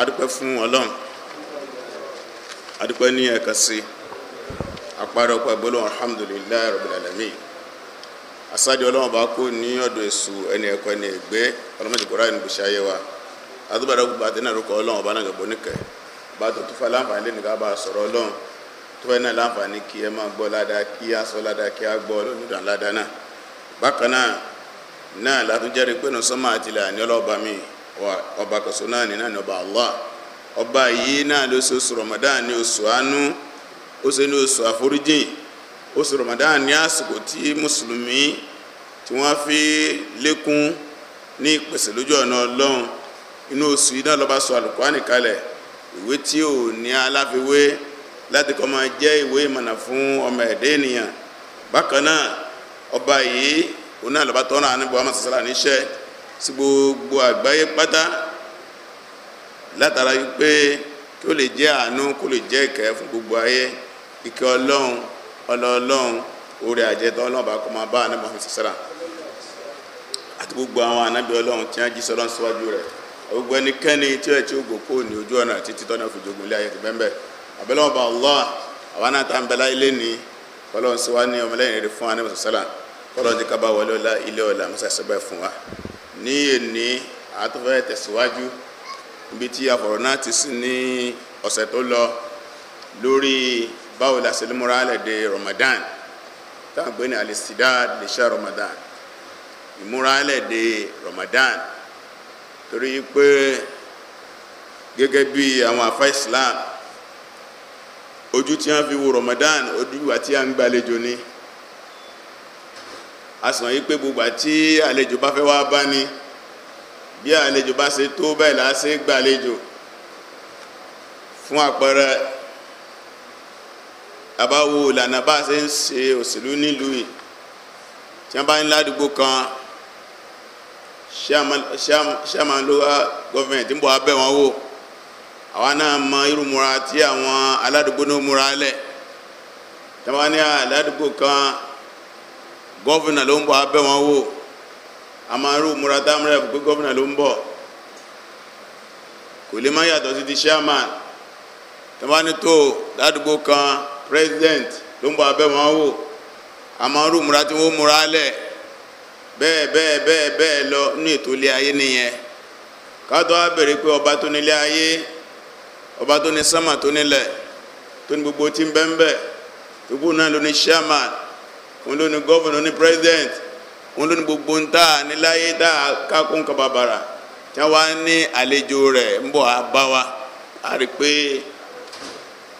adúpẹ́ fún ọlọ́run adúpẹ́ ní ẹ̀ka sí apárọ̀ ọpẹ́ alhamdulilayi rabbil alamin asáde ọlọ́run kú ní ọ̀dọ̀ èṣù ẹni ẹ̀kọ́ ẹni ẹ̀gbẹ́ ọlọ́mọdé kọ́ra ẹni ayé wa adúbàdàn gbogbo àti náà rúkọ ọlọ́run ọba náà gbogbo níkẹ́ bá láǹfààní ká bá náà láǹfààní kí ẹ máa ládàá kí sọ ládàá kí ládàá náà bákan ọba kọsọ náà ni náà ní ọba allah ọba yìí náà ló ṣe oṣù ramadan ní oṣù àánú ó ṣe ní oṣù àforíjìn oṣù ramadan ní àsìkò tí mùsùlùmí tí wọ́n fi lékún ní ìpèsè lójú ọ̀nà ọlọ́run inú oṣù yìí náà lọ́ba sọ àlùkùránì kalẹ̀ ìwé tí ò ní aláfiwé láti kọ́ máa jẹ́ ìwé ìmọ̀nà fún ọmọ ẹ̀dá ènìyàn bákan náà ọba yìí òun náà lọ́ba tọ́ra níbo amọ̀sásálà níṣẹ́ sí gbogbo àgbáyé pátá látara wípé kí ó lè jẹ́ àánú kó lè jẹ́ ìkẹ́ fún gbogbo ayé ìkẹ́ ọlọ́run ọlọ́ọ̀lọ́run orí àjẹtọ́ ọlọ́run bá kọ́ máa bá ànábì ọ̀hún sísára àti gbogbo àwọn ànábì ọlọ́run tí wọ́n jí sọ́lọ́n síwájú rẹ̀ gbogbo ẹnikẹ́ni tí ó ẹ̀ tí ó gòkó ní ojú ọ̀nà títí tọ́nà fi jogun ilé ayé ti bẹ́ẹ̀ bẹ́ẹ̀ àbẹ́lẹ́wọ̀n bá Allah àwọn náà tá ń bẹ láyé lẹ́ni kọ́lọ́run síwá ní ọmọlẹ́yìn rẹ̀ fún ànábì ọ̀hún sísára kọ́lọ́run ti ọlá ilé ọlá mọ́sàsẹ́bẹ̀ fún wa ní èní àtúfẹ́ tẹ̀síwájú níbi tí afọ̀rọ̀ náà ti sí ní ọ̀sẹ̀ tó lọ lórí báwo la ṣe lè múra lẹ́dẹ̀ Ramadan táwọn gbé ní alẹ́sídá lè ṣe Ramadan ìmúra lẹ́dẹ̀ Ramadan torí pé gẹ́gẹ́ bí àwọn àfá Islam ojú tí wọ́n fi wo Ramadan ojú àti à ń gbàlejò ni a sàn yí pé gbogbo àti àlejò bá fẹ́ wá bá ní bí àlejò bá ṣe tó bẹ́ẹ̀ là á ṣe gbàlejò fún àpẹẹrẹ àbáwo ìlànà bá ṣe ń ṣe òṣèlú nílùú yìí tí wọ́n bá ń ládùúgbò kan ṣáàmà ló wá gọ́ọ̀mẹ̀ntì ń bọ̀ abẹ́ wọn wò àwa náà mọ irú múra tí àwọn aládùúgbò náà múra lẹ̀ tí wọ́n ní aládùúgbò kan. Gọvanọ ló ń bọ̀ abẹ́ wọn wò a máa rú múra dámrẹ̀ pé gọvanọ ló ń kò lè má sí ti chairman kan president ló ń wọn wò a máa lọ ètò ilé ayé nìyẹn bèrè pé ọba tó ayé ọba tó ní tó òun ló ní gọ́vùnà ní president òun ló ní gbogbo ń tà níláyé tá a tí wọ́n wá ní àlejò rẹ ń bọ̀ wa a rí pé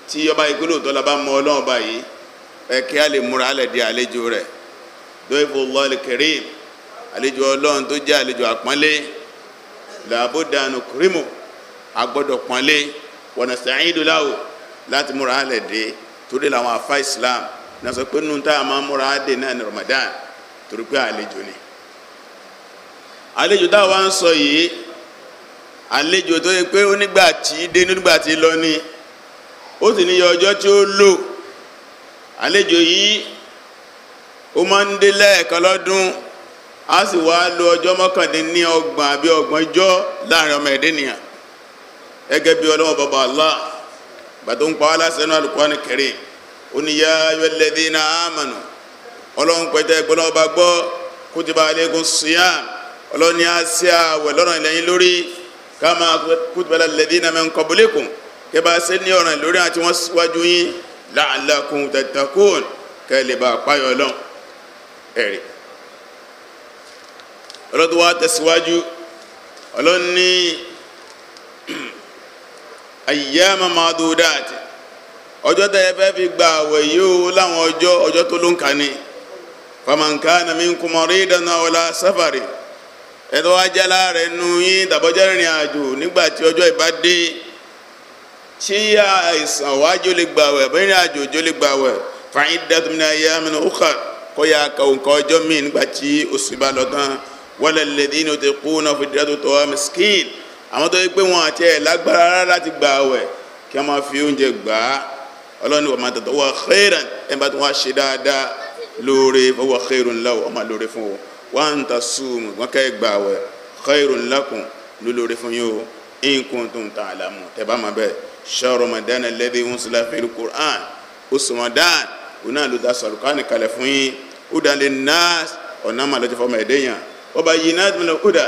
tí ọba yìí pé lóòótọ́ la bá mọ ọlọ́run ọba yìí ẹ a lè múra alẹ̀ di àlejò rẹ dóyìnbó lọ́ọ̀lì àlejò ọlọ́run tó jẹ́ àlejò àpọ́nlé làbó dànù agbọ́dọ̀ pọ́nlé wọ̀nà láti múra alẹ̀ torí làwọn na sọ pé nínú tá a máa Ramadan torí pé àlejò ni àlejò táwa ń sọ yìí àlejò tó yẹ pé onígbà tí dé nígbà tí lọ ni ó sì níyọ ọjọ́ tí ó lò àlejò yìí ó máa ń dé lẹ́ẹ̀kan lọ́dún a sì wá lo ọjọ́ mọ́kàndínní ọgbọ̀n àbí ọgbọ̀n ọjọ́ láàrin ọmọ ẹ̀dẹ́ nìyà gẹ́gẹ́ bí bàbá Allah bàtó ń pa wá lásìkò náà Al-Qur'an Karim oníyá ayyuhalladhina amanu ọlọ́run pẹ̀tẹ́ gbọ́dọ̀ ọba gbọ́ kutiba alaykum siyam ọlọ́run ní àṣẹ àwẹ̀ lọ́rùn lẹ́yìn lórí kama kutiba alladhina min qablikum kẹba ṣe ní ọ̀ràn lórí àti wọ́n wájú yín la'allakum tattaqun kẹ́lẹ́ bá payọ̀ ọlọ́run ẹ̀rì ọlọ́dún wa tẹ̀síwájú ọlọ́run ní ayyama ma'dudat ọjọ́ tẹ́ ẹ fẹ́ fi gba àwẹ̀ yìí o láwọn ọjọ́ ọjọ́ tó ló ń kà ní famanka nami nkumọ̀rí dáná ọ̀la sáfàrì ẹ̀tọ́ ajálá rẹ̀ nu yín tàbọ́jẹ́ rìnrìn àjò nígbà tí ọjọ́ ìbá dé tí àìsàn wájú lè gba àwẹ̀ rìnrìn àjò jó lè gba àwẹ̀ fàyín dàtúmínà ayé amínà ọkà kọ́ya ka òǹkà ọjọ́ míì nígbà tí oṣù bá lọ tán wọlé lẹ́dí ní o ti kú náà fi dìrẹ́tò tọ́ miskin àwọn tó yẹ pé wọn àti ẹ̀ lágbára rárá láti gba àwẹ̀ kí wọ́n máa fi oúnjẹ gbàá ọlọ́ni wọ́n máa tẹ̀tọ̀ wọ́n khairan ẹ̀ bá tún wá ṣe dáadáa lóore fọwọ́ khairun lahu ọmọ lóore fún o wọ́n ta súnmù wọ́n kẹ́ gbà wẹ̀ khairun lakum ló lóore fún yín o in kuntum ta'lamu tẹ̀ bá ma bẹ́ẹ̀ shahru Ramadan alladhi unzila fil Qur'an oṣù Ramadan oná ló da sọ̀rọ̀ káàní kalẹ̀ fún yín hudan linnas ọ̀nà máa náà tún lọ kódà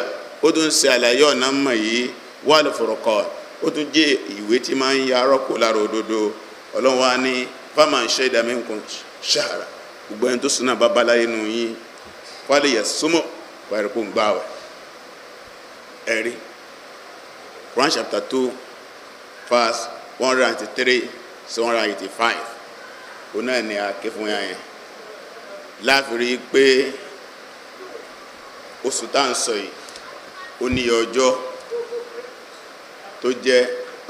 ọlọ́run wa ní fáma ń ṣe ìdààmú nǹkan ṣàrà gbogbo ẹni tó sùn náà bá balaye nù yín wálé yẹ súnmọ́ wàrí kó ń gbà wẹ̀ ẹ̀rí Quran chapter two verse one hundred and three sí one hundred and eighty five òun náà ni àké fún yàn yẹn láàfin rí i pé oṣù tá à ń sọ yìí ó ní ọjọ́ tó jẹ́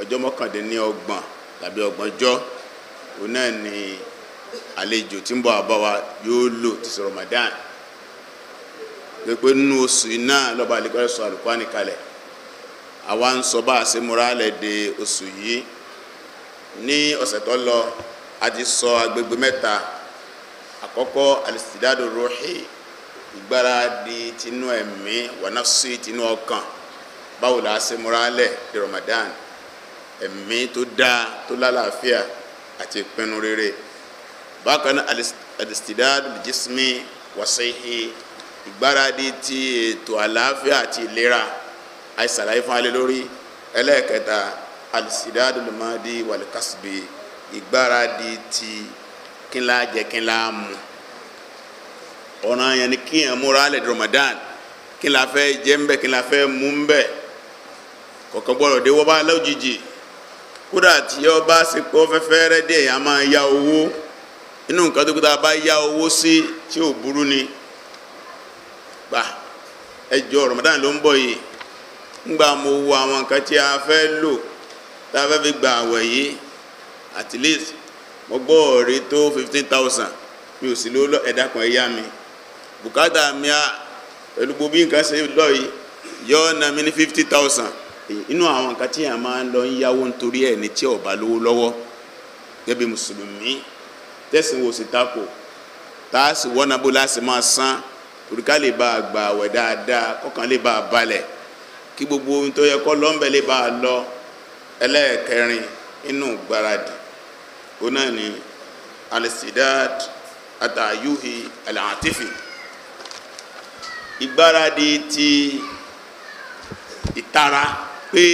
ọjọ́ mọ́kàndínlọ́gbọ̀n tàbí ọgbọ̀njọ́ òun náà ni àlejò tí ń bọ̀ àbáwá yóò lò ti sọ Ramadan pé nínú oṣù iná lọ́ba àlekọ́rẹ́ sọ àlùkùránì kalẹ̀ àwa ń sọ bá a ṣe múra lẹ̀ de oṣù yìí ní ọ̀sẹ̀ tó lọ a ti sọ agbègbè mẹ́ta àkọ́kọ́ alìsídádò rọ́ọ̀hì ìgbáradì tinú ẹ̀mí wànásì tinú ọkàn báwo la ṣe múra lẹ̀ de Ramadan ẹ̀mí tó dáa tó lálàáfíà àti ìpinnu rere bákan náà alistidad jismi wasihi ìgbáradì ti ètò àlàáfíà àti ìlera àìsàlàyé fún alẹ́ lórí ẹlẹ́ẹ̀kẹta alistidad lumadi walikasbi ìgbáradì ti kínlá jẹ kínlá mu ọ̀nà yẹn ni kíyàn múra lẹ̀ Ramadan kínlá fẹ́ jẹ́ ń bẹ̀ kínlá fẹ́ mú ń bẹ̀ kọ̀ọ̀kan gbọ́dọ̀ dé wọ́n bá lójijì. kódà tí ọba sì pé ó fẹ́fẹ́rẹ́ díẹ̀ yà máa ya owó inú nǹkan tó kúta bá ya owó sí tí ò burú ni gbà ẹjọ Ramadan ló ń bọ̀ yìí ńgbà mo wo àwọn nǹkan tí a fẹ́ lò tá fẹ́ fi gba àwẹ̀ yìí at least mo gbọ́ mi ò sì ẹ̀dá kan mi bùkátà mi a pẹ̀lú gbogbo bí nǹkan ṣe na mi ní fifty inú àwọn nǹkan tí yàn máa ń lọ ń yáwó nítorí ẹ̀ ní tí ò bá lówó lọ́wọ́ gẹ́gẹ́ bí mùsùlùmí tẹ̀sìn wo sì takò tá a sì wọ́n nabó láti máa san òrùka lè bá a gbà àwẹ̀ dáadáa kọ́kàn lè bá a balẹ̀ kí gbogbo ohun tó yẹ kọ́ lọ́nbẹ̀ lè bá lọ ẹlẹ́ẹ̀kẹrin inú gbáradì ó náà ní alisidad atayuhi alahatifi ìgbáradì ti ìtara pé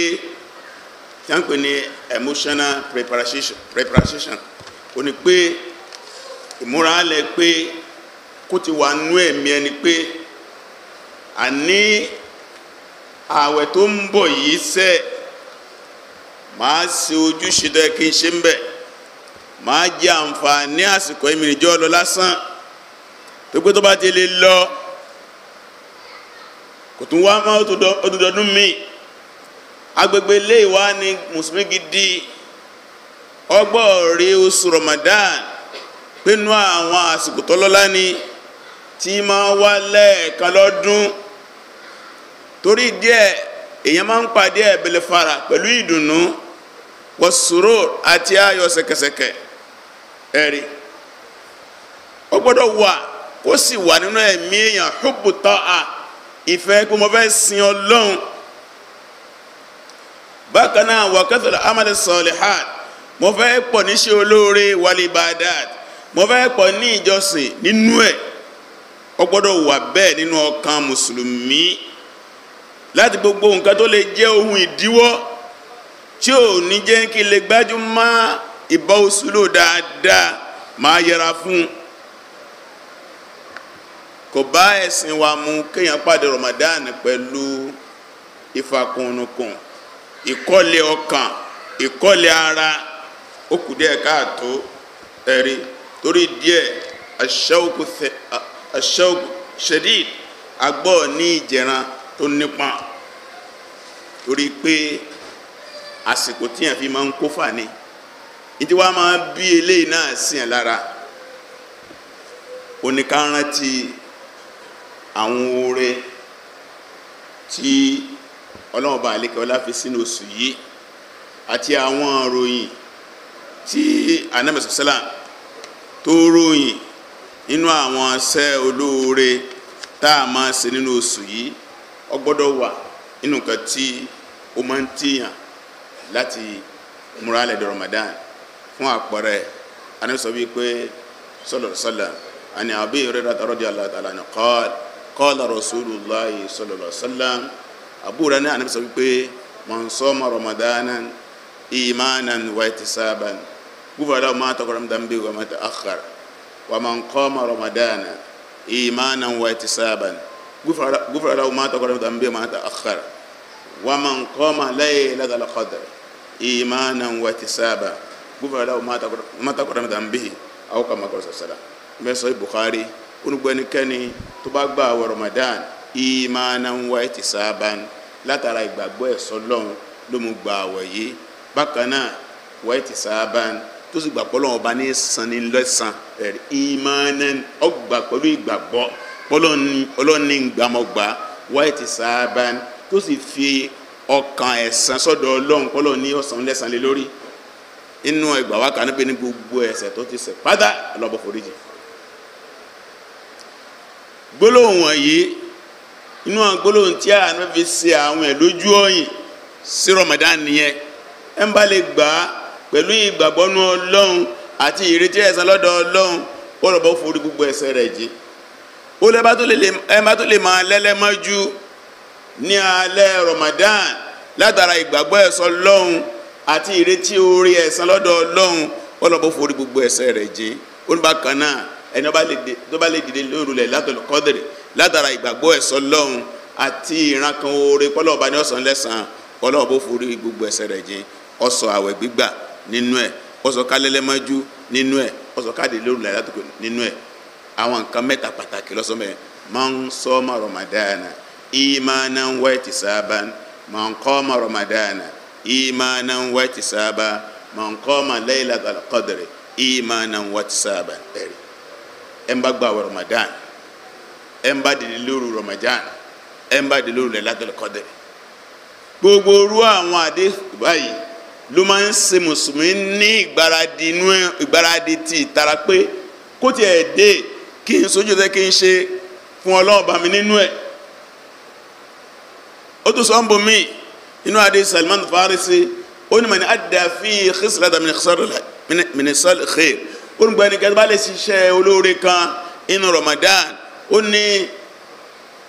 tí a ń pè ní emotional preparation preparation ó ní pé ìmúra lẹ pé kó ti wà nú ẹ̀mí ẹni pé àní ààwẹ̀ tó ń bọ̀ yìí sẹ́ máa ṣe ojúṣe dẹ́ kí n ṣe ń bẹ̀ máa jẹ àǹfààní àsìkò ìmìnìjọ́ lọ lásán tó tó bá ti lè lọ kò tún wá máa ó tó dọdún míì agbègbè ilé ìwá ni mùsùlùmí gidi ọgbọ́ọ̀rí oṣù Ramadan pínú àwọn àsìkò tọ́lọ́lá ni tí máa wá lẹ́ẹ̀kan lọ́dún torí díẹ̀ èyàn máa ń pàdé ẹ̀bẹ̀lẹ̀ fara pẹ̀lú ìdùnnú wọ̀sùrò àti ayọ̀ ṣẹ̀kẹ̀ṣẹ̀kẹ̀ ẹ̀rí ó gbọ́dọ̀ wà kó sì wà nínú ẹ̀mí èèyàn ìfẹ́ pé mo fẹ́ sin Ọlọ́run bákan náà wà amadu salihat mo fẹ́ pọ̀ níṣẹ́ olóore wàlí badat mo fẹ́ pọ̀ ní ìjọsìn nínú ẹ̀ ó gbọ́dọ̀ wà bẹ́ẹ̀ nínú ọkàn mùsùlùmí láti gbogbo nǹkan tó lè jẹ́ ohun ìdíwọ́ tí ò ní jẹ́ kí lè gbájú má ìbá òsúlò dáadáa máa yẹra fún kò bá ẹ̀sìn wa mu kéèyàn pàdé Ramadan pẹ̀lú ìfàkùnrùnkùn ìkọ́lẹ̀ ọkàn ìkọ́lẹ̀ ara ó kù díẹ̀ káàtó ẹ̀rí torí díẹ̀ aṣẹ́òkú ṣedid agbọ́ ní ìjẹran tó nípa torí pé àsìkò tíyàn fi máa ń kó fà ní ìdí wá máa bí eléyìí náà sí ẹ̀ lára oníkárán àwọn oore tí ọlọ́run ọba àlékè ọlá fi sínú oṣù yìí àti àwọn ròyìn tí anamọ̀sọ̀sọ́là tó ròyìn nínú àwọn iṣẹ́ olóore tá a máa ṣe nínú oṣù yìí ó gbọ́dọ̀ wà nínú nǹkan tí ó máa ń tìyàn láti múra lẹ́dọ̀ Ramadan fún àpẹẹrẹ anamọ̀sọ̀ wípé sọlọ̀sọlọ̀ àni àbí ìrẹ́dàtà radiyallahu ta'ala anhu qala qala rasulullahi sallallahu alaihi wasallam àbúrò ní ànábì sọ wípé man soma ramadanan imanan wa ihtisaban gúfà dáwọ́ máa tọkọ ramadan bí wàá mẹ́ta akhar wa man qama ramadana imanan wa ihtisaban gúfà dáwọ́ máa tọkọ ramadan bí wàá mẹ́ta akhar wa man qama laylatal qadr imanan wa ihtisaban gúfà dáwọ́ máa tọkọ ramadan bí aw kama qala sallallahu alaihi wasallam bẹ́ẹ̀ sọ Bukhari onugbẹnikẹ́ni tó bá gba àwẹ̀ ramadan imanan wa ihtisaban látara ìgbàgbọ́ ẹ̀sọ́ lọ́hùn ló mú gba àwẹ̀ yìí bákan náà wa ihtisaban tó sì gbà pọ́lọ́wọ́n ọba ní san ní lẹ́sàn ẹ̀rí imanan ọgbà pẹ̀lú ìgbàgbọ́ ọlọ́ni gbàmọ̀gbà wa ihtisaban tó sì fi ọkàn ẹ̀san sọ́dọ̀ ọlọ́run pọ́lọ́ ní ọ̀sán lẹ́san lé lórí inú ẹgbà wa kan níbi ní gbogbo ẹ̀ṣẹ̀ tó ti ṣẹ̀ pátá lọ́bọ̀ foríjì gbólóhùn wọ̀nyí inú agbólóhùn tí àánú fi ṣe àwọn ẹ̀ lójú sí Ramadan nìyẹn ẹ̀ ń bá lè gbà á pẹ̀lú ìgbàgbọ́nú Ọlọ́run àti ìrètí ẹ̀san lọ́dọ̀ Ọlọ́run ó rọ̀ bọ́ forí gbogbo ẹ̀ṣẹ̀ rẹ̀ jì ó lẹ́ bá tó lè máa lẹ́lẹ́mọ́jú ní alẹ́ Ramadan látara ìgbàgbọ́ ẹ̀san Ọlọ́run àti ìrètí orí ẹ̀san lọ́dọ̀ Ọlọ́run ó rọ̀ bọ́ forí gbogbo ẹ̀ṣẹ̀ rẹ̀ jì ó ní bákan náà ẹni tó bá lè dìde lóru lẹ̀ látọ̀lọ́kọ́dẹ̀rẹ̀ látara ìgbàgbọ́ ẹ̀sọ́ lọ́hùn àti ìran kan oore pọ́lọ́wọ́ bá ní ọ̀sán lẹ́sàn-án pọ́lọ́wọ́ bó forí gbogbo ẹ̀ṣẹ̀ rẹ̀ jìn ó sọ àwẹ̀ gbígbà nínú ẹ̀ ó sọ kálẹ́lẹ́mọ́jú nínú ẹ̀ ó sọ káàdì lóru láyé látòkò nínú ẹ̀ àwọn nǹkan mẹ́ta pàtàkì lọ́sọ̀ mẹ́rin máa ń ẹ̀ ń bá gba àwẹ̀ ramadana ẹ̀ ń bá dìde lóru Ramadan ẹ̀ ń bá dìde lóru Lailatul Qadr gbogbo orú àwọn àdé báyìí ló máa ń ṣe mùsùlùmí ní ìgbáradì inú ìgbáradì ti ìtara pé kó tiẹ̀ dé kí n sójú tẹ́ kí n ṣe fún ọlọ́run bá mi nínú ẹ̀ ó tún sọ ń bọ̀ mí inú adé Salman Farisi ó ní mani adàfi xisilata minisal ó ní gbani kẹtàbálẹ̀ ṣiṣẹ́ olóore kan inú Ramadan ó ní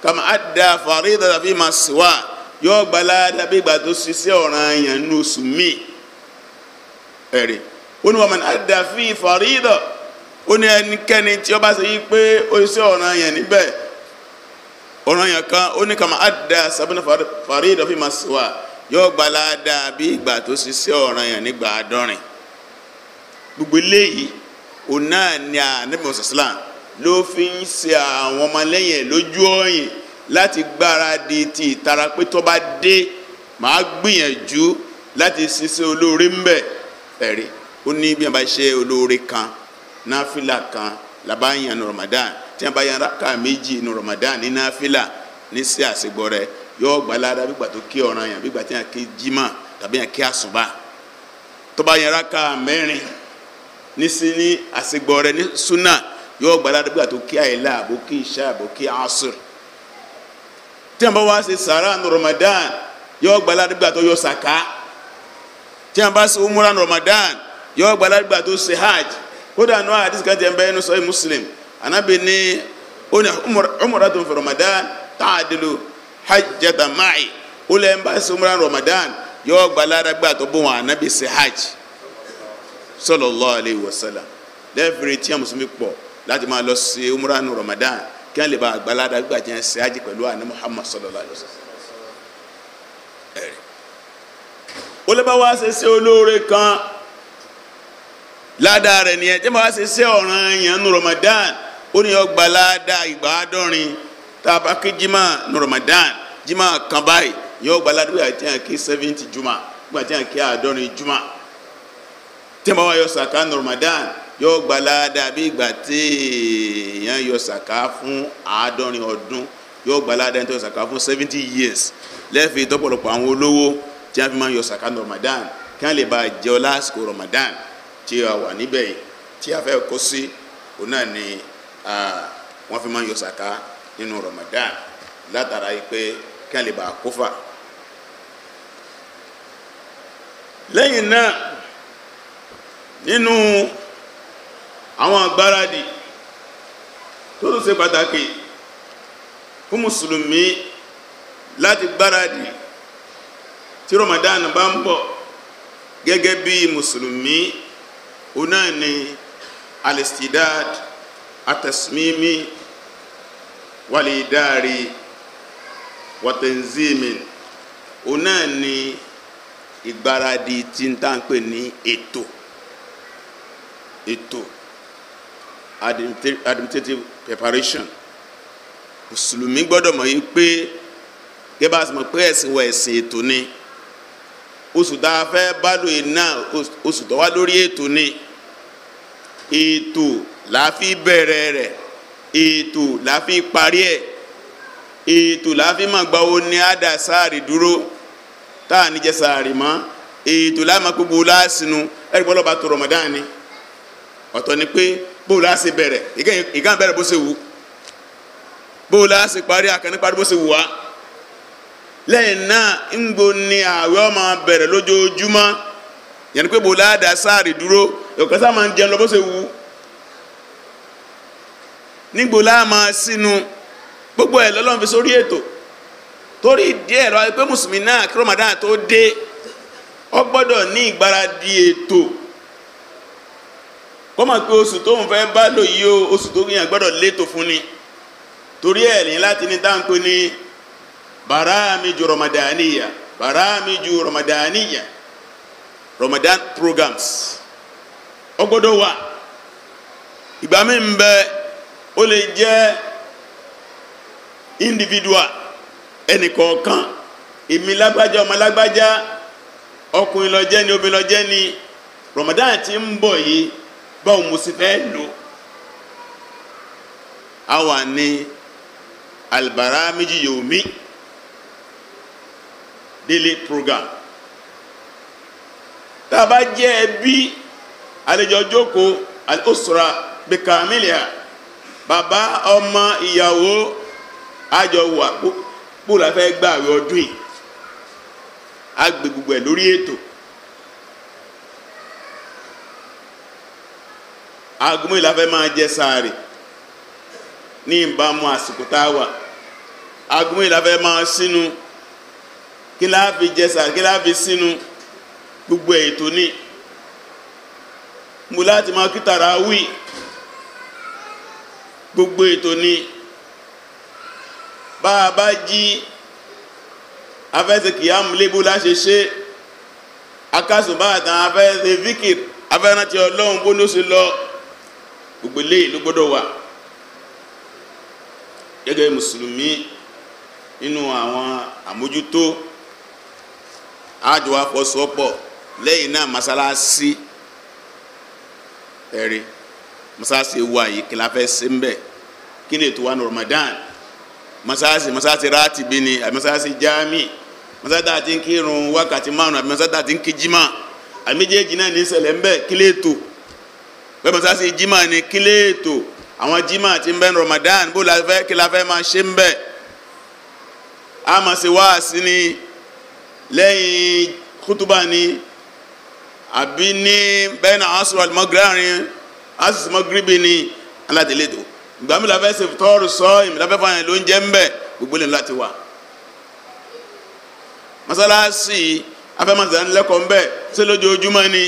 kàmá àdá fàárí tàbí máa síwá yóò gbalá dàbí ìgbà tó ṣiṣẹ́ ọ̀ràn èèyàn ní oṣù míì ẹ̀rì ó ní wàmán àdá fi fàárí dà ó ní ẹnikẹ́ni tí ó bá ṣe yí pé ó ṣiṣẹ́ ọ̀ràn èèyàn níbẹ̀ ọ̀ràn èèyàn kan ó ní kàmá àdá sábẹ́ni fàárí tàbí máa yóò gbalá dàbí ìgbà tó ọ̀ràn èèyàn nígbà àádọ́rin gbogbo eléyìí òun ni ànábì Mùsá ló fi ń ṣe àwọn ọmọlẹ́yìn ẹ̀ lójú ọ̀yìn láti gbáradì ti ìtara pé tó bá dé màá gbìyànjú láti ṣiṣẹ́ olóore ń bẹ̀ ẹ̀rí ó ní bí wọ́n bá ṣe olóore kan náfìlà kan làbá yan ní Ramadan tí wọ́n bá yan rákà méjì ní Ramadan ní náfìlà ní sí àṣegbọ́ rẹ̀ yóò gbà lára gbígbà tó kí ọ̀ràn yàn gbígbà tí wọ́n kí jimá tàbí yàn kí àsùnbà tó bá yan rákà mẹ́rin ní sí ní àṣegbọ́ rẹ̀ ní sunnah yóò gba ládùúgbò àti kí àyílá àbò kí ìṣá àbò kí asr tí wọn bá wá ṣe sàrà ní Ramadan yóò gba ládùúgbò àti yóò sàká tí wọn bá ṣe umura ní Ramadan yóò gba ládùúgbò àti ṣe hajj kódà nù àdìs kan tẹ̀ ń bẹ́ẹ̀ ní sọ́yìn Muslim anabi ní ó ní umura tó ń fi Ramadan ta'dilu hajjata ma'i ó lẹ́yìn bá ṣe umura ní Ramadan yóò gba ládùúgbò àti bùn anabi ṣe hajj sallallahu alayhi wa sallam lẹ́ẹ̀fẹ̀rẹ̀ tí a mùsùlùmí pọ̀ láti máa lọ sí umranu Ramadan kí wọ́n lè bá àgbàládà gbígbà jẹ́ ṣe ájì pẹ̀lú àná Muhammad sallallahu alaihi wasallam ẹ̀rí ó lè bá wá ṣe ṣe olóore kan ládàá rẹ̀ nìyẹn tí wọ́n bá ṣe ṣe ọ̀ràn yẹn nu Ramadan ó ní ọgbà ládàá ìgbà àádọ́rin tá a bá kí jimá nu Ramadan jimá kan báyìí yóò gba ládùúgbò àti àyàn kí seventy juma gbàtí àyàn kí àádọ́rin juma tí wọ́n bá wá yọ sàkà nu Ramadan yóò gba ládàá bí ìgbà tí èèyàn yọ sàká fún àádọ́rin ọdún yóò gba ní tó sàká fún seventy years lẹ́ẹ̀fi tọ́pọ̀lọpọ̀ àwọn olówó tí wọ́n fi máa ń yọ sàká ní Ramadan kí wọ́n lè bá jẹ́ ọ lásìkò Ramadan tí a wà níbẹ̀ yìí tí a fẹ́ kó sí òun náà ni wọ́n fi máa yọ sàká nínú Ramadan látara yìí pé kí wọ́n lè bá kó fà. lẹ́yìn náà nínú àwọn àgbáradì tó tún ṣe pàtàkì fún mùsùlùmí láti gbáradì tí Ramadan bá ń bọ̀ gẹ́gẹ́ bí mùsùlùmí òun náà ni alistidad atasmimi walidari watenzimin òun náà ni ìgbáradì tí ń tà ń pè ní ètò ètò administrative preparation mùsùlùmí gbọ́dọ̀ mọ̀ yí pé gẹ́gẹ́ bá a pé ẹ̀sìn wa ẹ̀sìn ètò ni oṣù tá a fẹ́ bá lóye náà oṣù tó wá lórí ètò ni ètò la fi bẹ̀rẹ̀ rẹ̀ ètò la fi parí ẹ̀ ètò la fi mọ̀ gba owó ní àdá sáàrì dúró tá à ní sáàrì mọ́ ètò la mọ̀ gbogbo láàsínú ẹ̀rí pọ́lọ́ba tó Ramadan ni ọ̀tọ̀ ni pé bó o la ṣe bẹ̀rẹ̀ ìkànnì bẹ̀rẹ̀ bó ṣe wù bó o la ṣe parí àkànní parí bó ṣe wù wá lẹ́yìn náà ńgbò ni ààwẹ̀ ọmọ bẹ̀rẹ̀ lójoojúmọ́ yẹn pé bó o la dá sáàrì dúró yọ̀kọ́ sáà máa ń jẹun lọ bó ṣe wù nígbò la máa sínú gbogbo ẹ̀ lọ́lọ́run fi sórí ètò torí díẹ̀ rọ pé mùsùlùmí náà kí Ramadan tó dé ó ní ìgbáradì ètò kọ́mọ̀ pé oṣù tó ń fẹ́ bá lò yí o oṣù tó ríyàn gbọ́dọ̀ létò fún ni torí ẹ̀ ní láti ní dáńpé ní bàrámíjù ramadaniya bàrámíjù ramadaniya ramadan programs ọgbọ́dọ̀ wà ìgbà mi ń bẹ ó lè jẹ́ individual ẹnìkọ̀ọ̀kan èmi lágbájá ọmọ lágbájá ọkùnrin ló jẹ́ ni obìnrin ló jẹ́ ni ramadan ti ń bọ̀ yìí báwo mo sì fẹ́ lò á wà ní albarāmiji yawmi daily program tá a bá jẹ́ ẹbí àlejò jókòó al-usra bikamiliya bàbá ọmọ ìyàwó àjọwà kó la fẹ́ gbààwẹ̀ ọdún yìí á gbé gbogbo ẹ̀ lórí ètò. aago mélòó la fẹ́ máa jẹ sààrì ní ìbámu àsìkò tá a wà aago mélòó la fẹ́ máa sínú kí la fi jẹ sààrì kí la fi sínú gbogbo ètò ní mo láti máa kí tàràwì gbogbo ètò ní bá a bá jí afẹ́sẹ̀ kìyàmù lébú láṣẹ ṣe akásùnbáàtàn afẹ́sẹ̀ fíkìr afẹ́rántí ọlọ́run bó ló lọ gbogbo eléyìí ló gbọ́dọ̀ wà gẹ́gẹ́ mùsùlùmí nínú àwọn àmójútó àjọ afọsọpọ lẹ́yìn náà masalasi ẹrí masalasi wa yìí kí la fẹ́ ṣe ń bẹ kí ni ètò wa ní Ramadan masalasi masalasi ratibi ni àbí masalasi jami masalasi àti nkírun wákàtí márùn àbí masalasi àti nkíjímà àbí méjèèjì náà ní ṣẹlẹ̀ ń bẹ kí lè tó bẹ́ẹ̀ mọ̀sá sí jimá ni kílé ètò àwọn jimá ti ń bẹ ní Ramadan bó la fẹ́ kí la fẹ́ máa ṣe ń bẹ̀ a máa ṣe wáàsí ni lẹ́yìn kútúbà ni àbí ní bẹ́ẹ̀ náà asùn àlùmọ́gírárin asùn mọ́gíríbì ni aládìlédò gbàmí la fẹ́ ṣe tọ́ọ̀rù sọ ìmìlàfẹ́ fún àyàn ló ń jẹ́ ń bẹ̀ gbogbo lè láti wà mọ́sálásì afẹ́mọ́sálásì lẹ́kọ̀ọ́ ń bẹ̀ ṣé lójoojúmọ́ ni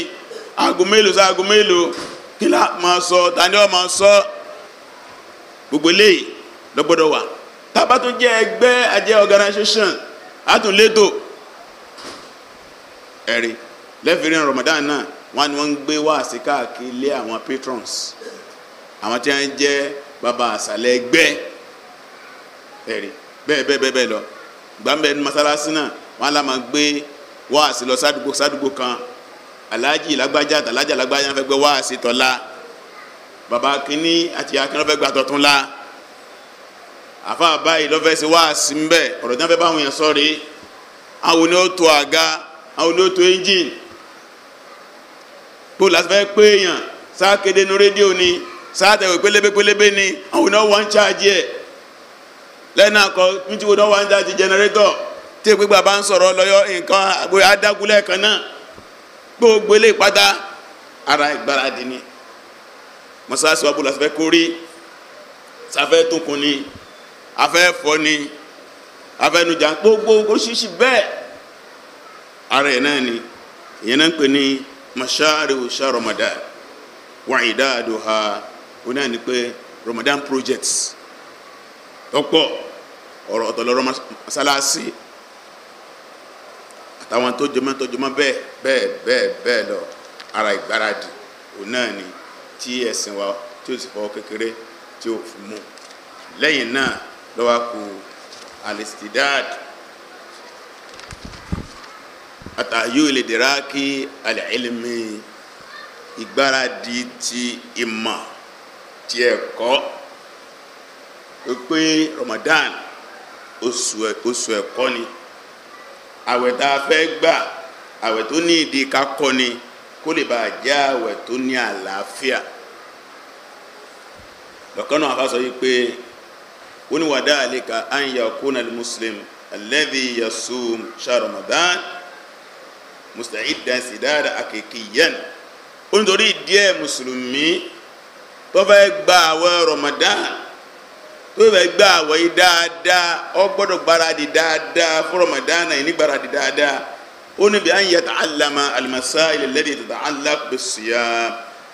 aago mélòó sí aago mélòó kílà máa sọ Daniel ọ máa sọ gbogbo eléyìí lọ́gbọ́dọ̀ wà tábà tó jẹ́ ẹgbẹ́ ajẹ́ organization àtúnlétò ẹ̀rí lẹ́fìrí Ramadan náà wọ́n ni wọ́n ń gbé wáàsí káàkiri lé àwọn patrons àwọn tí wọ́n jẹ́ Baba àṣàlẹ̀ ẹgbẹ́ ẹ̀rí bẹ́ẹ̀ bẹ́ẹ̀ bẹ́ẹ̀ bẹ́ẹ̀ lọ gbàmbẹ́ masalasi náà wọ́n á lá máa gbé wáàsí lọ sádùgbò sádùgbò kan aláàjì lágbájá tàlájà lágbájá fẹ́ gbé wáàsí tọ́lá bàbá kínní àti akínní fẹ́ gbà tọ́tún la àfa báyìí lọ́fẹ́ sí wáàsí ń bẹ̀ ọ̀rọ̀ tí wọ́n fẹ́ báwọn yẹn sọ rèé àwọn ni ó to àga àwọn ni ó to ẹ́ńjìn bó láti fẹ́ pé èèyàn sáà kéde nu rédíò ni sáà tẹ̀wé pélébé pélébé ni àwọn ni ó wọ́n ń ṣáàjì ẹ̀ lẹ́nu akọ nítorí wọ́n wá ń ṣáàjì jẹnẹrétọ̀ tí èpè gbà bá ń sọ̀rọ̀ lọ́yọ́ nǹkan àgbẹ̀ adágúnlẹ̀ kan náà gbogbo ilé ìpátá ara ìgbáradì ni mọ́sáàsì wa búlọ̀ sáfẹ́ kórí sáfẹ́ tókun ni afẹ́ fọ́ ni afẹ́ nujà gbogbo oṣiṣi bẹ́ẹ̀ ara ẹ̀ náà ni ìyẹn náà ń pè ní mashari usha Ramadan wa idaduha ó náà ni pé Ramadan projects ọ̀pọ̀ ọ̀rọ̀ ọ̀tọ̀lọ́rọ̀ masalasi. Mas àtàwọn tó jọmọ́ tó jọmọ́ bẹ́ẹ̀ bẹ́ẹ̀ bẹ́ẹ̀ bẹ́ẹ̀ lọ ara ìgbáradì òun náà ni tí ẹ̀sìn wa tí ó sì fọwọ́ kékeré tí ó fi mú lẹ́yìn náà lọ́wọ́ kù alistidad àtàyò ìlèdèràkì alẹ́ẹ̀lẹ́mì ìgbáradì ti ìmọ̀ ti ẹ̀kọ́ pé Ramadan oṣù ẹ̀kọ́ ni àwẹ̀ tá a fẹ́ gbà àwẹ̀ tó ní ìdí ká kọ́ ni kó lè bá a jẹ́ àwẹ̀ tó ní àlàáfíà lọ́kàn náà afásọ yìí pé wọ́n ní wàdá àleka an yakuna al muslim alladhi yasum shahr ramadan musta'idan sidada akekiyan ó nítorí díẹ̀ mùsùlùmí tó fẹ́ gba àwẹ̀ ramadan tó fẹ́ gbà àwẹ̀ yìí dáadáa ọ gbọ́dọ̀ gbáradì dáadáa fún Ramadan yìí ní gbáradì dáadáa ó níbi à ń yẹ tàálàmà àlùmọ̀sá ìlẹ̀lẹ́dì tàálà pèsè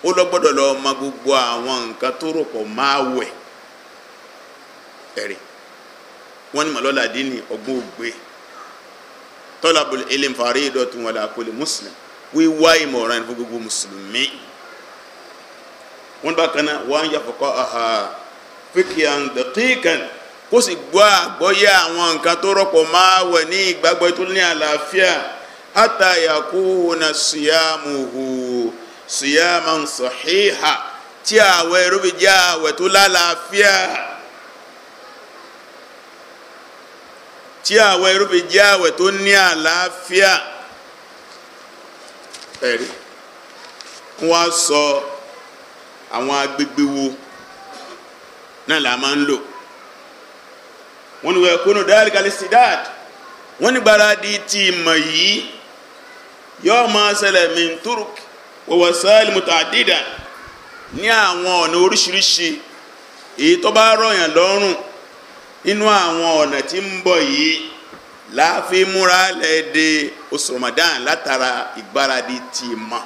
ó lọ gbọ́dọ̀ lọ ma gbogbo àwọn nǹkan tó rò pọ̀ máa wẹ̀ ẹ̀rì wọ́n ní màlọ́lá dín ní ọgbọ́n ògbé tọ́lábù ilim faridotun wala kulli muslim wíwá ìmọ̀ràn fún gbogbo mùsùlùmí wọ́n bá kan wọ́n yà fọkọ́ àhàá fíkìyàn dẹ̀kíkàn kó sì gbọ́ àgbọ́yé àwọn nǹkan tó rọ́pọ̀ máa wẹ̀ ní ìgbàgbọ́ tó ní àlàáfíà àtàyàkú na síyàmùhù síyàmà sọ̀híhà tí àwẹ̀ rúbi jẹ́ àwẹ̀ tó lálàáfíà tí àwẹ̀ rúbi jẹ́ àwẹ̀ tó ní àlàáfíà ẹ̀rí wọ́n á sọ àwọn agbègbè wo. So, na ila ama n lo. wọn ni wee kwunudo al galissidad wọn ni gbaradi ti ma yi yi yi o ma sele minturk o adida ni awon ona orishiri shi eyi to ba royan lorun inu awon ona ti n bo yi laafi mura leede osomadan latara igbaradi ti ma.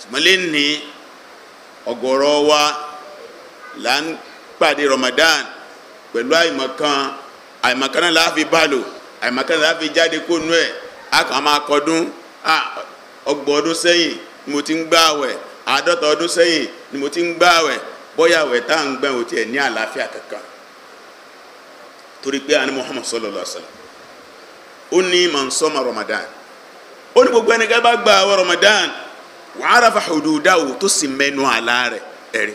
su melini ogoro wa la pàdé Ramadan pẹ̀lú àìmọ̀kan àìmọ̀kan náà láàfi bálò àìmọ̀kan náà láàfi jáde kónú ẹ̀ a kàn máa kọdún ọgbọ̀n ọdún sẹ́yìn ni mo ti ń gbá àwẹ̀ àádọ́ta ọdún sẹ́yìn ni mo ti ń gbá àwẹ̀ bóyá àwẹ̀ tá à ń gbẹ̀ ò tiẹ̀ ní àlàáfíà kankan torí pé àní Muhammad sallallahu alaihi wasallam ó ní man soma Ramadan ó ní gbogbo ẹnikẹ́ni bá gba àwẹ̀ Ramadan wa arafa hududahu tó sì mẹ́nu àlá rẹ̀ ẹ̀rí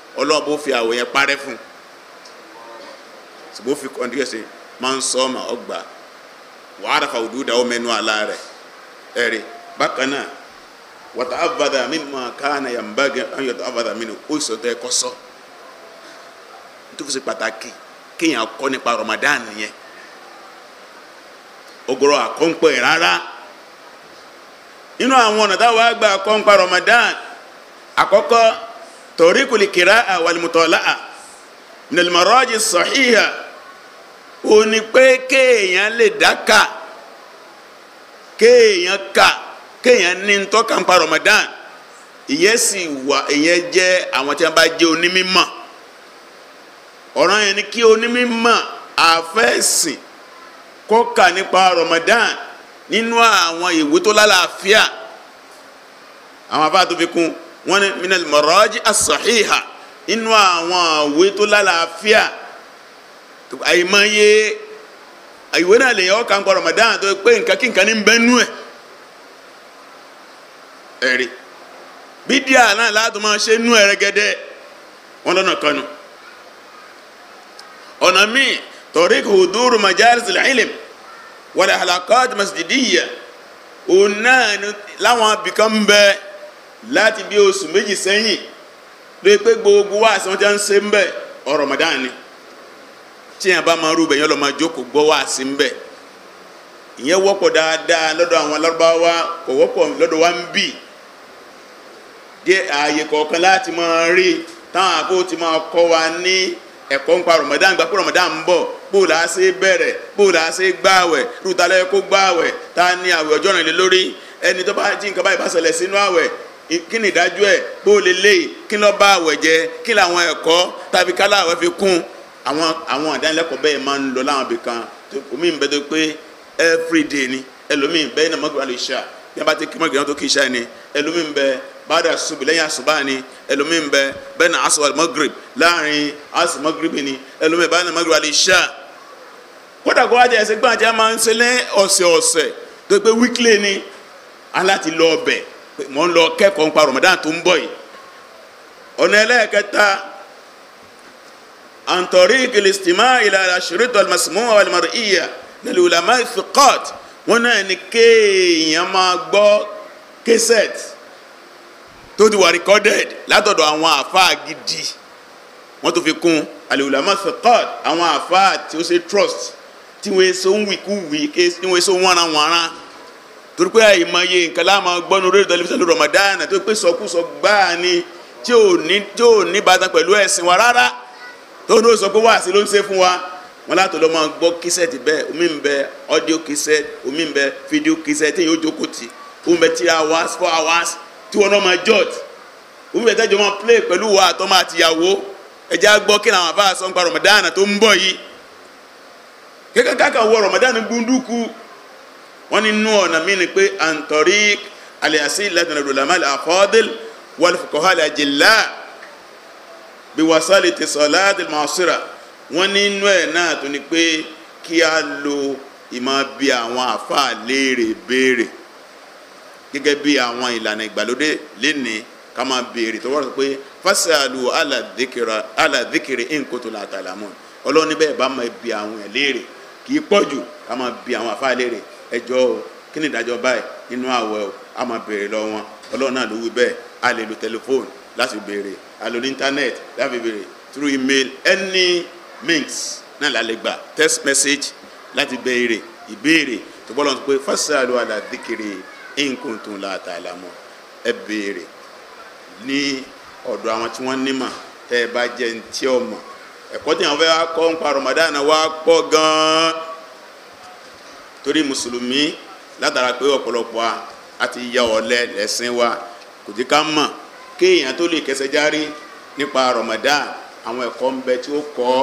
ọlọ́run bó fi àwọ̀ yẹn parẹ́ fún ṣùgbọ́n ó fi kọ́ndíyẹ̀ sí máa ń sọ ọmọ ọgbà wàhálà fàwùdú dáwọ́ mẹ́nu àlá rẹ̀ ẹ̀rí bákan náà wàtá àbàdà mímọ́ káàna yàmbágẹ́ ọ̀yọ̀tá àbàdà mí ó sọ tẹ́ ẹ̀kọ́ sọ tó pàtàkì kéèyàn kọ́ nípa Ramadan nìyẹn ogoro àkọ́ńpẹ́ rárá àwọn ọ̀nà táwọn àgbà Ramadan àkọ́kọ́ طريق القراءة والمطالعة من المراجع الصحيحة ó ní pé kéèyàn lè dáka kéèyàn ka kéèyàn ní tọ́ka ń pa Ramadan ìyẹn sì wà ìyẹn jẹ́ àwọn tí wọ́n bá jẹ́ onímọ̀ ọ̀ràn yẹn ni kí onímọ̀ àfẹ́sìn kọ́ka nípa Ramadan nínú àwọn ìwé tó lálàáfíà àwọn afáàtò fi wọ́n ní minal maraji as-sahiha inú àwọn ìwé tó lálàáfíà àìmọye ìwé náà lè yọ ọ́ kan pa Ramadan tó pé nǹkan kí nǹkan ní bẹ́nu ẹ̀ ẹ̀rí bídíà náà látọ̀ máa ṣe nú ẹ̀rẹ́gẹ́dẹ́ wọ́n lọ́nà kanu ọ̀nà míì tọ̀rík hudúrú majalis al-ilm wal halaqat masjidiyya òun náà láwọn abìkan bẹ́ẹ̀ láti bí oṣù méjì sẹ́yìn lóye pé gbogbo wáàsí wọn ti ń ṣe ń bẹ̀ ọ̀rọ̀ Ramadan ni tí yẹn bá máa rúbẹ̀ yẹn lọ́ọ́ máa jókòó gbọ́ ń bẹ̀ ìyẹn wọ́pọ̀ dáadáa lọ́dọ̀ àwọn kò wọ́pọ̀ lọ́dọ̀ wa ń bì ààyè kọ̀ọ̀kan láti máa rí táwọn wa ní ẹ̀kọ́ ń pa gbà pé ń bọ̀ bóòlù bẹ̀rẹ̀ bóòlù gbààwẹ̀ rúta lẹ́yìn kó gbààwẹ̀ ta ni àwẹ̀ ọjọ́ rìn lé lórí ẹni tó bá jí nǹkan báyìí bá ṣẹlẹ̀ sínú kí ni ìdájọ́ ẹ̀ bó lè léyìí kí ló bá àwẹ̀ jẹ kí làwọn ẹ̀kọ́ tàbí kálá àwẹ̀ fi kún àwọn àwọn àdánilẹ́kọ̀ọ́ bẹ́ẹ̀ máa ń lọ láwọn ibì kan omi ń bẹ tó pé everyday ni ẹlòmíì bẹ́ẹ̀ náà mọ́gbà lè ṣá bí a bá ti kí mọ́gbà náà tó kí iṣẹ́ ni ẹlòmíì bẹ bàdà subi lẹ́yìn àṣùbà ni ẹlòmíì bẹ bẹ́ẹ̀ náà asọ̀ magrib láàrin asọ̀ magrib ni ẹlòmíì bẹ́ẹ̀ náà mọ́gbà lè ṣá kódà kó wájà ẹsẹ̀ gbọ́n àjẹ́ máa ń ṣe lẹ́ ọ̀sẹ̀ ọ̀sẹ̀ tó pé weekly ni aláti lọ ọbẹ̀ mọ̀ ń lọ kẹ́kọ̀ọ́ nípa Ramadan tó ń bọ̀ yìí ọ̀nà ẹlẹ́ẹ̀kẹta àǹtọ̀rí kìlìsìtìmá ìlànà ṣòrìtọ̀ màsìmọ́ àlùmọ̀rì ìyà nílùú làmá ìfikọ́t wọn náà ni kéèyàn máa gbọ́ kẹsẹ̀t tó ti wà rìkọ́dẹ̀d látọ̀dọ̀ àwọn àfáà gidi wọ́n tó fi kún àlùlà má fikọ́t àwọn àfáà tí ó ṣe trust tí wọ́n èso ń wìkúwì tí wọ́n èso wọ́nranwọ́nran torí pé àìmọye nǹkan láàmú gbọ́nu rédíò tẹlifíṣàn lórí Ramadan tó pé sọkúsọ gbáà ni tí ò ní tí ò ní bàtà pẹ̀lú ẹ̀sìn wa rárá tó ní ó sọ pé wáàsí ló ń ṣe fún wa wọn látò lọ́ máa gbọ́ kíṣẹ́ẹ̀tì bẹ́ẹ̀ omi ń bẹ ọ́díò kíṣẹ́ẹ̀tì omi ń bẹ fídíò kíṣẹ́ẹ̀tì yóò jókòó tì omi bẹ three hours four hours tí wọn náà máa jọ́ọ̀tì omi bẹ tẹ́jọ́ máa play pẹ̀lú wa àtọ́mọ àtìyàwó ẹ̀jẹ̀ gbọ́ kí làwọn àbá àsọ̀ǹpa Ramadan tó ń bọ̀ yìí kékeré káàkiri wọ Ramadan gbúndùkú wọ́n ní nú ọ̀nà mí ni pé àǹtọ̀rí àlẹ́àsí ìlànà ìrọ̀lámà àfọ́dẹ́l wàlùfọ̀kọ́hà àjẹlá bí wàsálì ti sọ̀lá àdìmọ̀ọ́síra wọ́n ní nú ẹ̀ náà tó ni pé kí a lo ìmọ̀ bí àwọn àfáà léèrè béèrè gẹ́gẹ́ bí àwọn ìlànà ìgbàlódé lénìí ká máa béèrè tó wọ́n sọ pé fásitì aládìkiri nkoto làtàlámù ọlọ́ni bẹ́ẹ̀ bá máa bi àwọn ẹ̀ léèrè kì í pọ̀jù ká máa bi àwọn àfáà léèrè ẹjọ́ o kí ni ìdájọ́ báyìí nínú àwẹ̀ o a máa béèrè lọ wọn ọlọ́run náà ló wí bẹ́ẹ̀ a lè lo tẹlifóònù láti béèrè a lo internet láti béèrè through email any means náà la lè gbà text message láti béèrè ìbéèrè tó bọ́ lọ́nà pé fásitì àlà dìkìrì nǹkan la ta'lamun ẹ béèrè ní ọ̀dọ̀ àwọn tí wọ́n nímọ̀ tẹ́ ẹ bá jẹ́ ní tí ọmọ ẹ̀kọ́ tí àwọn fẹ́ kọ́ ń pa Ramadan wá pọ̀ gan-an torí mùsùlùmí látara pé ọ̀pọ̀lọpọ̀ a ti ya ọ̀lẹ lẹ́sìn wa kò jí ká mọ̀ kéèyàn tó lè kẹsẹ̀ járí nípa Ramadan àwọn ẹ̀kọ́ ń bẹ tí ó kọ́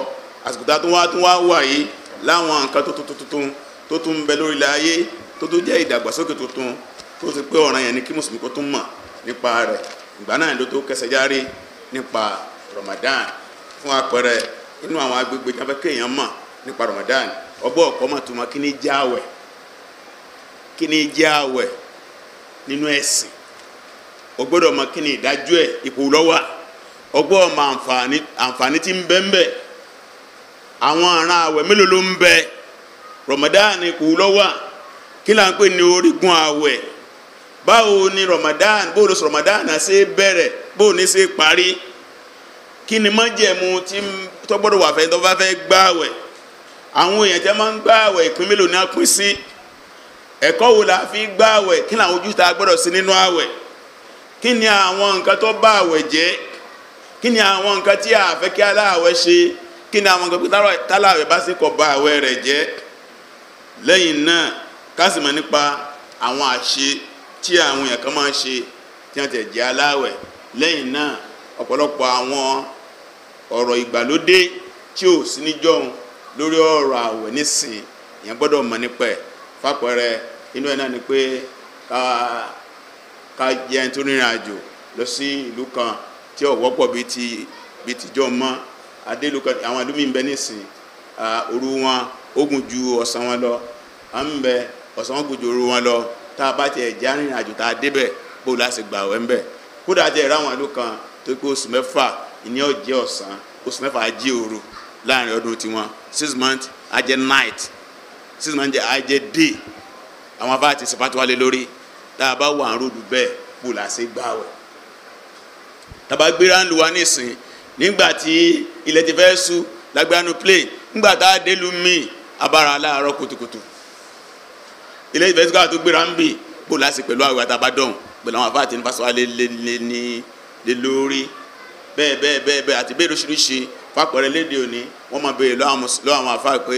àsìkò tá tó wá tó wá wà yìí láwọn nǹkan tó tuntun tó tún ń bẹ lórí ilẹ̀ ayé tó tún jẹ́ ìdàgbàsókè tuntun tó ti pé ọ̀ràn yẹn ni kí mùsùlùmí kó tún mọ̀ nípa rẹ̀ ìgbà náà ló tó kẹsẹ̀ járí nípa Ramadan fún àpẹẹrẹ inú àwọn agbègbè jábẹ́ kéèyàn mọ̀ nípa Ramadan ọgbọ́ ọ̀kọ́ ma kí ni jẹ́ kí ni jẹ́ nínú ẹ̀sìn o gbọ́dọ̀ mọ kí ni ìdájọ́ ẹ̀ ipò lọ́wọ́ ọgbọ́ ọmọ àǹfààní àǹfààní tí ń bẹ ń bẹ àwọn àwẹ̀ mélòó ló ń Ramadan ipò lọ́wọ́ kí ń pè ní orígun ni Ramadan bó Ramadan bẹ̀rẹ̀ ní ṣe parí kí ni májẹ̀mú tí tó wà fẹ́ tó àwọn èèyàn tẹ́ máa ń gbá àwẹ̀ ìpín mélòó ní a pín sí ẹ̀kọ́ wo la fi gbá àwẹ̀ kí ni àwọn ojúṣe gbọ́dọ̀ sí nínú àwẹ̀ kí ni àwọn nǹkan tó bá àwẹ̀ jẹ́ kí ni àwọn nǹkan tí a fẹ́ kí aláàwẹ̀ ṣe kí ni àwọn nǹkan táláàwẹ̀ bá sì kọ̀ ba àwẹ̀ rẹ̀ jẹ́ lẹ́yìn náà ká sì mọ̀ nípa àwọn àṣe tí àwọn èèyàn kan máa ń ṣe tí wọ́n ti jẹ́ aláàwẹ̀ lẹ́yìn náà ọ̀pọ̀lọpọ̀ àwọn ọ̀rọ̀ ìgbàlódé tí ò sí níjọ́un lórí ọ̀rọ̀ àwẹ̀ nísìn èèyàn gbọdọ mọ inú ẹ̀ náà ni pé ká ká jẹ́ àjò lọ sí ìlú kan tí ò bíi ti bíi mọ́ àwọn ìlú ń bẹ nísìn o wọn gùn ju wọn lọ à ń bẹ wọn lọ tá a bá tiẹ̀ já rìnrìn àjò tá a láti gbà ń kódà tó pé oṣù láàrin ọdún tiwọn six months a jẹ́ night six months a jẹ́ day àwọn afá ti sèpàtúwálé lórí tá a bá wà ń ròdù bẹ́ẹ̀ kù là sí gbà wẹ̀ tá a bá gbéra ń lu wa nísìn nígbà tí ilẹ̀ ti fẹ́ ṣú lágbánu plane nígbà tá a dé lu míì abára láàárọ̀ kùtùkùtù ilẹ̀ ìfẹ́ sùkà tó gbéra ń bì kù là sí pẹ̀lú àwẹ̀ àtàbádọ́n pẹ̀lú àwọn afá àti nífàsọ́wálé lé lórí bẹ́ẹ̀ bẹ́ẹ̀ bẹ́ẹ̀ bẹ́ẹ̀ àti bẹ́ẹ̀ lóṣìṣì fapẹ̀rẹ̀ léde òní wọ́n máa béèrè lọ́wọ́ àwọn àfa pé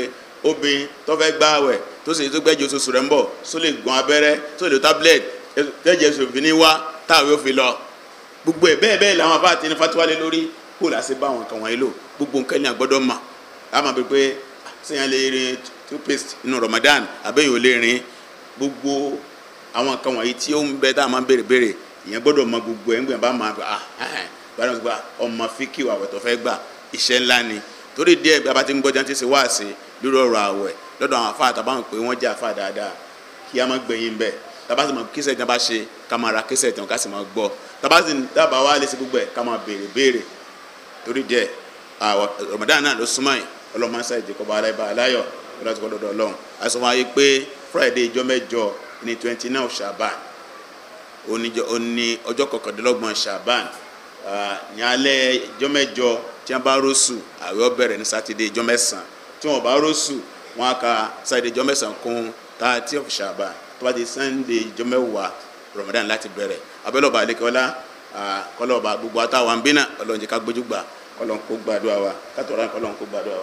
obìnrin tó fẹ́ gbá àwẹ̀ tó sì tó gbẹ́jọ oṣooṣù rẹ̀ ń bọ̀ só lè gun abẹ́rẹ́ só lè lo tablet tẹ́jẹ̀ oṣù fi ní wá táwọn yóò fi lọ gbogbo ẹ̀ bẹ́ẹ̀ bẹ́ẹ̀ làwọn àfa ti ní fatiwa lé lórí kó là sí bá àwọn kan wọ̀nyí lò gbogbo nǹkan ní àgbọ́dọ̀ mà á máa pé sèyàn ah, lè rin toothpaste inú Ramadan àbẹ́yìn ò lè rin gbogbo àwọn kan wọ̀nyí tí ó ń bẹ tá a máa ń béèrè béèrè ìyẹn gbọ́dọ̀ mọ gbogbo ẹ̀ ń gbìyànjú bá máa ah, ah, bá ọmọ fíkì wàwẹ̀ tó fẹ́ gbà iṣẹ́ ńlá ni torí díẹ̀ bàbá ti ń gbọ́jà ti ṣe wá sí lórí ọ̀rọ̀ àwẹ̀ lọ́dọ̀ àwọn afá àtàbáwọn pé wọ́n jẹ́ afá dáadáa kí a má gbẹ̀yìn bẹ́ẹ̀ tàbá sì mọ kíṣẹ̀ tí wọ́n bá ṣe ká máa ra kíṣẹ̀ tí wọ́n ká sì máa gbọ́ tàbá sì dábà wá lé sí gbogbo ẹ̀ ká máa béèrè béèrè torí díẹ̀ Ramadan náà ló súnmọ́ yìí ọlọ́mọṣẹ́ ìdíkọ̀bọ̀ aláìbá aláyọ̀ ọlọ́tí kọ́ dọ̀dọ̀ ọlọ́run àìsàn wáyé pé Friday ìjọ mẹ́jọ ní twenty nine Shaban òní ọjọ́ kọkàndínlọ́gbọ̀n Shaban ní alẹ́ ìjọ mẹ́jọ tí wọ́n bá rọ́ṣù àwẹ̀ ọbẹ̀rẹ̀ ní sátidé ìjọ mẹ́sàn-án tí wọ́n bá rọ́ṣù wọ́n á ka sátidé ìjọ mẹ́sàn-án kún tààtì of Shaban tó bá di sànńdé ìjọ mẹ́wàá Ramadan láti bẹ̀rẹ̀ abẹ́lọ́ba àlekọ́lá kọ́lọ́ba gbogbo àtàwọn àbínà ọlọ́run jẹ́ ká gbójú gbà kọ́lọ́n kó gbàdúrà wa kátó